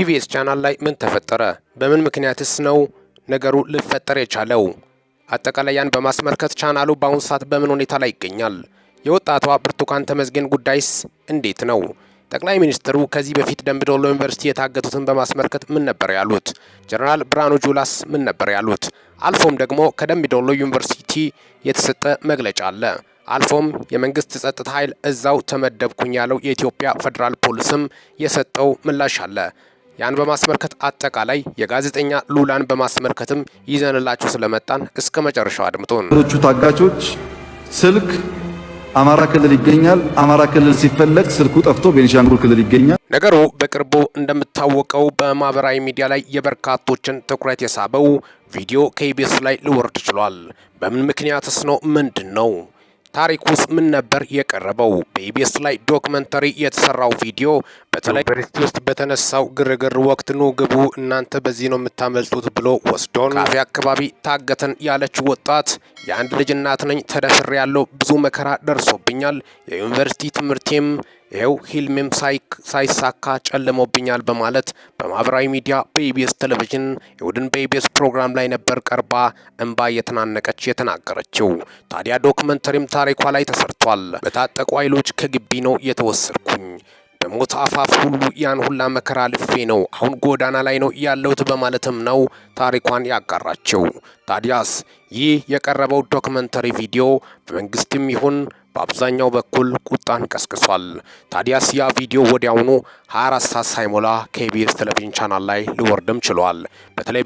ኢቢኤስ ቻናል ላይ ምን ተፈጠረ? በምን ምክንያትስ ነው ነገሩ ሊፈጠር የቻለው? አጠቃላይ ያን በማስመልከት ቻናሉ በአሁኑ ሰዓት በምን ሁኔታ ላይ ይገኛል? የወጣቷ ብርቱካን ተመስገን ጉዳይስ እንዴት ነው? ጠቅላይ ሚኒስትሩ ከዚህ በፊት ደምቢዶሎ ዩኒቨርሲቲ የታገቱትን በማስመልከት ምን ነበር ያሉት? ጀነራል ብርሃኑ ጁላስ ምን ነበር ያሉት? አልፎም ደግሞ ከደምቢዶሎ ዩኒቨርሲቲ የተሰጠ መግለጫ አለ። አልፎም የመንግስት ጸጥታ ኃይል እዛው ተመደብኩኝ ያለው የኢትዮጵያ ፌዴራል ፖሊስም የሰጠው ምላሽ አለ። ያን በማስመልከት አጠቃላይ የጋዜጠኛ ሉላን በማስመልከትም ይዘንላችሁ ስለመጣን እስከ መጨረሻው አድምጡን። ታጋቾች ስልክ አማራ ክልል ይገኛል። አማራ ክልል ሲፈለግ ስልኩ ጠፍቶ ቤኒሻንጉል ክልል ይገኛል። ነገሩ በቅርቡ እንደምታወቀው በማህበራዊ ሚዲያ ላይ የበርካቶችን ትኩረት የሳበው ቪዲዮ ከኢቢኤስ ላይ ሊወርድ ችሏል። በምን ምክንያትስ ነው? ምንድን ነው ታሪክ ውስጥ ምን ነበር የቀረበው? በኢቢኤስ ላይ ዶክመንተሪ የተሰራው ቪዲዮ በተለይ ዩኒቨርሲቲ ውስጥ በተነሳው ግርግር ወቅት ኑ ግቡ፣ እናንተ በዚህ ነው የምታመልጡት ብሎ ወስዶን ካፌ አካባቢ ታገተን ያለች ወጣት የአንድ ልጅ እናት ነኝ፣ ተደፍሬ ያለው ብዙ መከራ ደርሶብኛል፣ የዩኒቨርሲቲ ትምህርቴም ይኸው ሂልሜም ሳይሳካ ጨልሞብኛል በማለት በማህበራዊ ሚዲያ በኢቢኤስ ቴሌቪዥን የውድን በኢቢኤስ ፕሮግራም ላይ ነበር ቀርባ እንባ እየተናነቀች የተናገረችው። ታዲያ ዶክመንተሪም ታሪኳ ላይ ተሰርቷል። በታጠቁ ኃይሎች ከግቢ ነው የተወሰድኩኝ በሞት አፋፍ ሁሉ ያን ሁላ መከራ ልፌ ነው አሁን ጎዳና ላይ ነው ያለሁት በማለትም ነው ታሪኳን ያጋራቸው። ታዲያስ ይህ የቀረበው ዶክመንተሪ ቪዲዮ በመንግስትም ይሁን በአብዛኛው በኩል ቁጣን ቀስቅሷል። ታዲያስ ያ ቪዲዮ ወዲያውኑ 24 ሰዓት ሳይሞላ ከኢቢኤስ ቴሌቪዥን ቻናል ላይ ሊወርድም ችሏል። በተለይ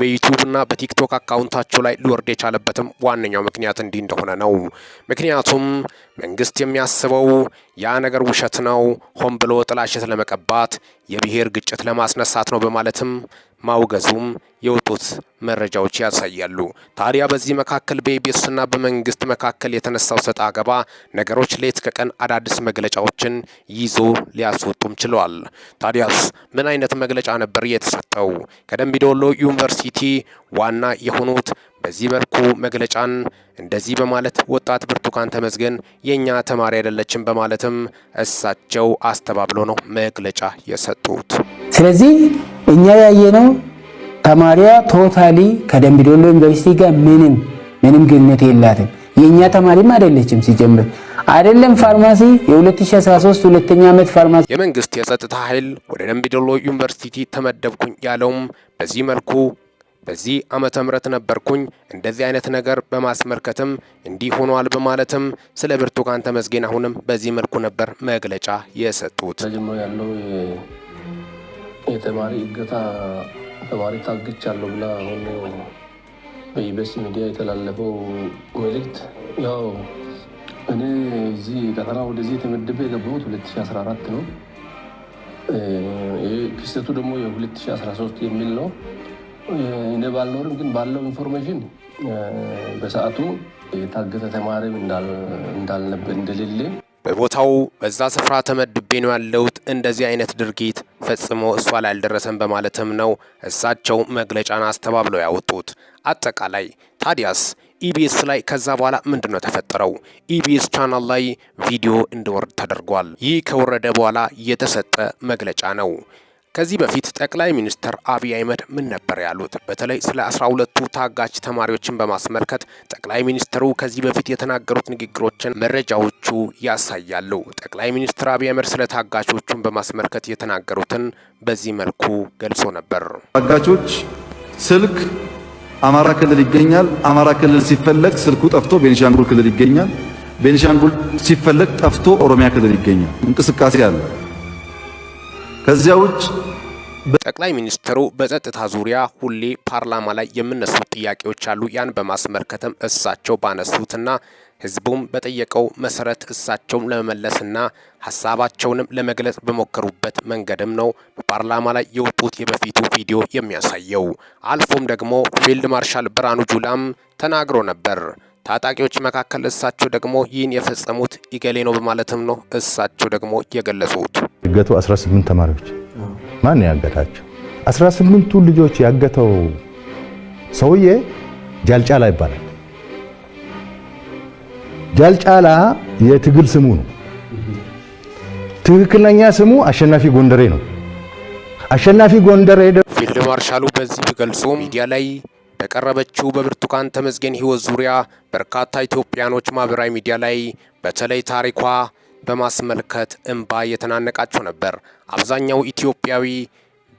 እና በቲክቶክ አካውንታቸው ላይ ሊወርድ የቻለበትም ዋነኛው ምክንያት እንዲህ እንደሆነ ነው። ምክንያቱም መንግስት የሚያስበው ያ ነገር ውሸት ነው፣ ሆን ብሎ ጥላሸት ለመቀባት የብሔር ግጭት ለማስነሳት ነው በማለትም ማውገዙም የወጡት መረጃዎች ያሳያሉ። ታዲያ በዚህ መካከል በኢቢኤስና በመንግስት መካከል የተነሳው ሰጣ አገባ ነገሮች ሌት ከቀን አዳዲስ መግለጫዎችን ይዞ ሊያስወጡም ችለዋል። ታዲያስ ምን አይነት መግለጫ ነበር የተሰጠው? ከደምቢ ዩኒቨርሲቲ ዋና የሆኑት በዚህ በርኩ መግለጫን እንደዚህ በማለት ወጣት ብርቱካን ተመስገን የእኛ ተማሪ አይደለችም በማለትም እሳቸው አስተባብሎ ነው መግለጫ የሰጡት። ስለዚህ እኛ ያየነው ተማሪዋ ቶታሊ ከደምቢ ዶሎ ዩኒቨርሲቲ ጋር ምንም ምንም ግንኙነት የላትም። የእኛ ተማሪም አይደለችም ሲጀምር አይደለም ፋርማሲ የ2013 ሁለተኛ ዓመት ፋርማሲ የመንግስት የጸጥታ ኃይል ወደ ደምቢ ዩኒቨርሲቲ ተመደብኩኝ ያለውም በዚህ መልኩ በዚህ ዓመተ ምህረት ነበርኩኝ። እንደዚህ አይነት ነገር በማስመልከትም እንዲህ ሆኗል በማለትም ስለ ብርቱካን ተመስገን አሁንም በዚህ መልኩ ነበር መግለጫ የሰጡት። ተጀምሮ ያለው የተማሪ እገታ ተማሪ ታግቻለሁ ብላ አሁን በኢቢኤስ ሚዲያ የተላለፈው መልእክት ያው እኔ እዚህ ቀጠና ወደዚህ የተመደበ የገባሁት 2014 ነው። ክስተቱ ደግሞ የ2013 የሚል ነው። እኔ ባልኖርም ግን ባለው ኢንፎርሜሽን በሰዓቱ የታገተ ተማሪም እንደሌለ በቦታው በዛ ስፍራ ተመድቤ ነው ያለሁት። እንደዚህ አይነት ድርጊት ፈጽሞ እሷ ላይ አልደረሰም በማለትም ነው እሳቸው መግለጫን አስተባብለው ያወጡት። አጠቃላይ ታዲያስ ኢቢኤስ ላይ ከዛ በኋላ ምንድን ነው የተፈጠረው? ኢቢኤስ ቻናል ላይ ቪዲዮ እንዲወርድ ተደርጓል። ይህ ከወረደ በኋላ የተሰጠ መግለጫ ነው። ከዚህ በፊት ጠቅላይ ሚኒስትር አብይ አህመድ ምን ነበር ያሉት? በተለይ ስለ አስራ ሁለቱ ታጋች ተማሪዎችን በማስመልከት ጠቅላይ ሚኒስትሩ ከዚህ በፊት የተናገሩት ንግግሮችን መረጃዎቹ ያሳያሉ። ጠቅላይ ሚኒስትር አብይ አህመድ ስለ ታጋቾቹን በማስመልከት የተናገሩትን በዚህ መልኩ ገልጾ ነበር። ታጋቾች ስልክ አማራ ክልል ይገኛል። አማራ ክልል ሲፈለግ ስልኩ ጠፍቶ ቤኒሻንጉል ክልል ይገኛል። ቤኒሻንጉል ሲፈለግ ጠፍቶ ኦሮሚያ ክልል ይገኛል። እንቅስቃሴ አለ። ከዚያ ውጭ ጠቅላይ ሚኒስትሩ በጸጥታ ዙሪያ ሁሌ ፓርላማ ላይ የምነሱት ጥያቄዎች አሉ። ያን በማስመልከትም እሳቸው ባነሱትና ህዝቡም በጠየቀው መሰረት እሳቸውን ለመመለስና ሀሳባቸውንም ለመግለጽ በሞከሩበት መንገድም ነው በፓርላማ ላይ የወጡት የበፊቱ ቪዲዮ የሚያሳየው። አልፎም ደግሞ ፊልድ ማርሻል ብርሃኑ ጁላም ተናግሮ ነበር። ታጣቂዎች መካከል እሳቸው ደግሞ ይህን የፈጸሙት ኢገሌ ነው በማለትም ነው እሳቸው ደግሞ የገለጹት። እገቱ 18 ተማሪዎች ማን ያገታቸው? 18ቱ ልጆች ያገተው ሰውዬ ጃልጫላ ይባላል። ጃልጫላ የትግል ስሙ ነው። ትክክለኛ ስሙ አሸናፊ ጎንደሬ ነው። አሸናፊ ጎንደሬ ፊልድ ማርሻሉ በዚህ ቢገልጹ ሚዲያ ላይ በቀረበችው በብርቱካን ተመስገን ህይወት ዙሪያ በርካታ ኢትዮጵያኖች ማህበራዊ ሚዲያ ላይ በተለይ ታሪኳ በማስመልከት እምባ እየተናነቃቸው ነበር። አብዛኛው ኢትዮጵያዊ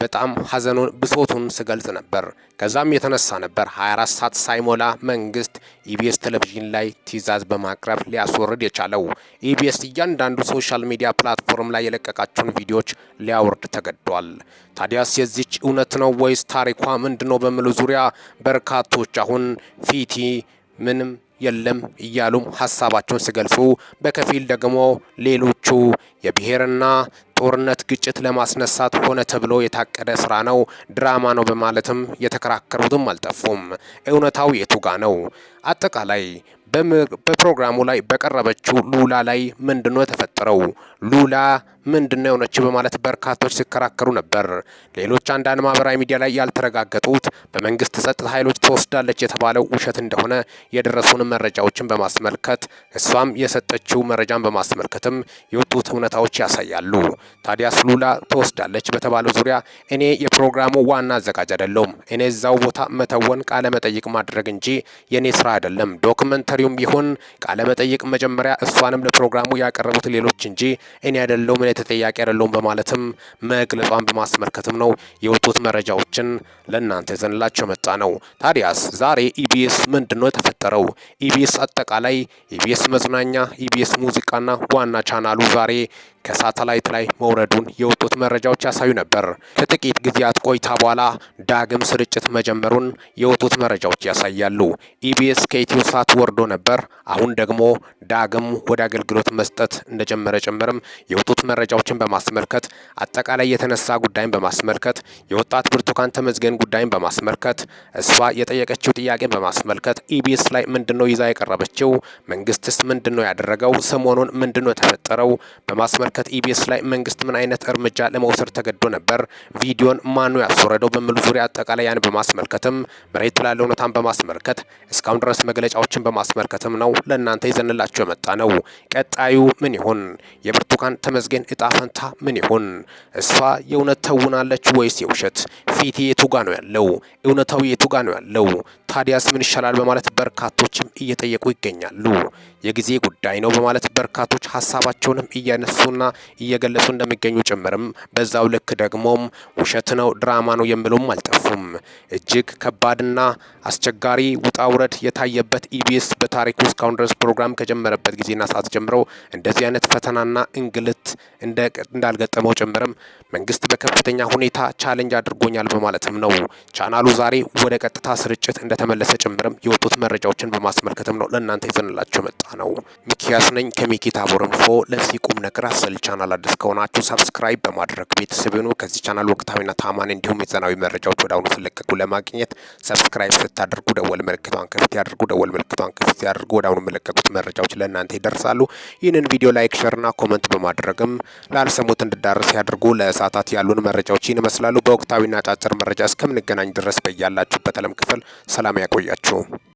በጣም ሐዘኑን ብሶቱን ስገልጽ ነበር። ከዛም የተነሳ ነበር 24 ሰዓት ሳይሞላ መንግስት ኢቢኤስ ቴሌቪዥን ላይ ትዕዛዝ በማቅረብ ሊያስወርድ የቻለው። ኢቢኤስ እያንዳንዱ ሶሻል ሚዲያ ፕላትፎርም ላይ የለቀቃቸውን ቪዲዮዎች ሊያወርድ ተገዷል። ታዲያስ የዚች እውነት ነው ወይስ ታሪኳ ምንድነው በሚሉ ዙሪያ በርካቶች አሁን ፊቲ ምንም የለም እያሉም ሀሳባቸውን ሲገልጹ፣ በከፊል ደግሞ ሌሎቹ የብሔርና ጦርነት ግጭት ለማስነሳት ሆነ ተብሎ የታቀደ ስራ ነው፣ ድራማ ነው በማለትም የተከራከሩትም አልጠፉም። እውነታው የቱጋ ነው? አጠቃላይ በፕሮግራሙ ላይ በቀረበችው ሉላ ላይ ምንድነው የተፈጠረው? ሉላ ምንድን ነው የሆነችው በማለት በርካቶች ሲከራከሩ ነበር። ሌሎች አንዳንድ ማህበራዊ ሚዲያ ላይ ያልተረጋገጡት በመንግስት ጸጥታ ኃይሎች ተወስዳለች የተባለው ውሸት እንደሆነ የደረሱን መረጃዎችን በማስመልከት እሷም የሰጠችው መረጃን በማስመልከትም የወጡት እውነታዎች ያሳያሉ። ታዲያ ሉላ ተወስዳለች በተባለው ዙሪያ እኔ የፕሮግራሙ ዋና አዘጋጅ አይደለሁም። እኔ እዛው ቦታ መተወን ቃለመጠይቅ ማድረግ እንጂ የእኔ ስራ አይደለም። ዶክመንተሪውም ቢሆን ቃለመጠይቅ መጀመሪያ እሷንም ለፕሮግራሙ ያቀረቡት ሌሎች እንጂ እኔ አይደለሁም ተጠያቂ አይደለውም በማለትም መግለጿን በማስመልከትም ነው የወጡት መረጃዎችን ለእናንተ ዘንላቸው መጣ ነው። ታዲያስ ዛሬ ኢቢኤስ ምንድን ነው የተፈጠረው? ኢቢኤስ አጠቃላይ፣ ኢቢኤስ መዝናኛ፣ ኢቢኤስ ሙዚቃና ዋና ቻናሉ ዛሬ ከሳተላይት ላይ መውረዱን የወጡት መረጃዎች ያሳዩ ነበር። ከጥቂት ጊዜያት ቆይታ በኋላ ዳግም ስርጭት መጀመሩን የወጡት መረጃዎች ያሳያሉ። ኢቢኤስ ከኢትዮ ሳት ወርዶ ነበር። አሁን ደግሞ ዳግም ወደ አገልግሎት መስጠት እንደጀመረ ጭምርም የወጡት መረጃዎችን በማስመልከት አጠቃላይ የተነሳ ጉዳይን በማስመልከት የወጣት ብርቱካን ተመዝገን ጉዳይን በማስመልከት እሷ የጠየቀችው ጥያቄን በማስመልከት ኢቢኤስ ላይ ምንድነው ይዛ የቀረበችው? መንግስትስ ምንድነው ያደረገው? ሰሞኑን ምንድነው የተፈጠረው? በማስመልከት በመመልከት ኢቢኤስ ላይ መንግስት ምን አይነት እርምጃ ለመውሰድ ተገዶ ነበር፣ ቪዲዮን ማኑ ያስወረደው በሚሉ ዙሪያ አጠቃላይ ያን በማስመልከትም መሬት ላለ እውነታን በማስመልከት እስካሁን ድረስ መግለጫዎችን በማስመልከትም ነው ለእናንተ ይዘንላቸው የመጣ ነው። ቀጣዩ ምን ይሆን? የብርቱካን ተመስገን እጣ ፈንታ ምን ይሆን? እሷ የእውነት ተውናለች ወይስ የውሸት? ፊት የቱጋ ነው ያለው? እውነታዊ የቱጋ ነው ያለው? ታዲያስ ምን ይሻላል በማለት በርካቶችም እየጠየቁ ይገኛሉ። የጊዜ ጉዳይ ነው በማለት በርካቶች ሀሳባቸውንም እያነሱና እየገለጹ እንደሚገኙ ጭምርም በዛው ልክ ደግሞም ውሸት ነው ድራማ ነው የሚሉም አልጠፉም። እጅግ ከባድና አስቸጋሪ ውጣ ውረድ የታየበት ኢቢኤስ በታሪኩ እስካሁን ድረስ ፕሮግራም ከጀመረበት ጊዜና ሰዓት ጀምሮ እንደዚህ አይነት ፈተናና እንግልት እንዳልገጠመው ጭምርም መንግስት በከፍተኛ ሁኔታ ቻለንጅ አድርጎኛል በማለትም ነው ቻናሉ ዛሬ ወደ ቀጥታ ስርጭት እንደተ እንደተመለሰ ጭምርም የወጡት መረጃዎችን በማስመልከትም ነው ለእናንተ ይዘንላቸው መጣ ነው። ሚኪያስ ነኝ ከሚኪ ታቦር ኢንፎ። ለዚህ ቁም ነገር አዘል ቻናል አዲስ ከሆናችሁ ሰብስክራይብ በማድረግ ቤተሰብ ሆኑ። ከዚህ ቻናል ወቅታዊና ታማኒ እንዲሁም የዘናዊ መረጃዎች ወደ አሁኑ ሲለቀቁ ለማግኘት ሰብስክራይብ ስታደርጉ ደወል ምልክቷን ክፍት ያድርጉ። ደወል ምልክቷን ክፍት ያድርጉ። ወደ አሁኑ የሚለቀቁት መረጃዎች ለእናንተ ይደርሳሉ። ይህንን ቪዲዮ ላይክ፣ ሸርና ኮመንት በማድረግም ላልሰሙት እንድዳረስ ያድርጉ። ለእሳታት ያሉን መረጃዎች ይህን ይመስላሉ። በወቅታዊና አጫጭር መረጃ እስከምንገናኝ ድረስ በያላችሁበት ዓለም ክፍል ሰላም ሰላም ያቆያችሁ።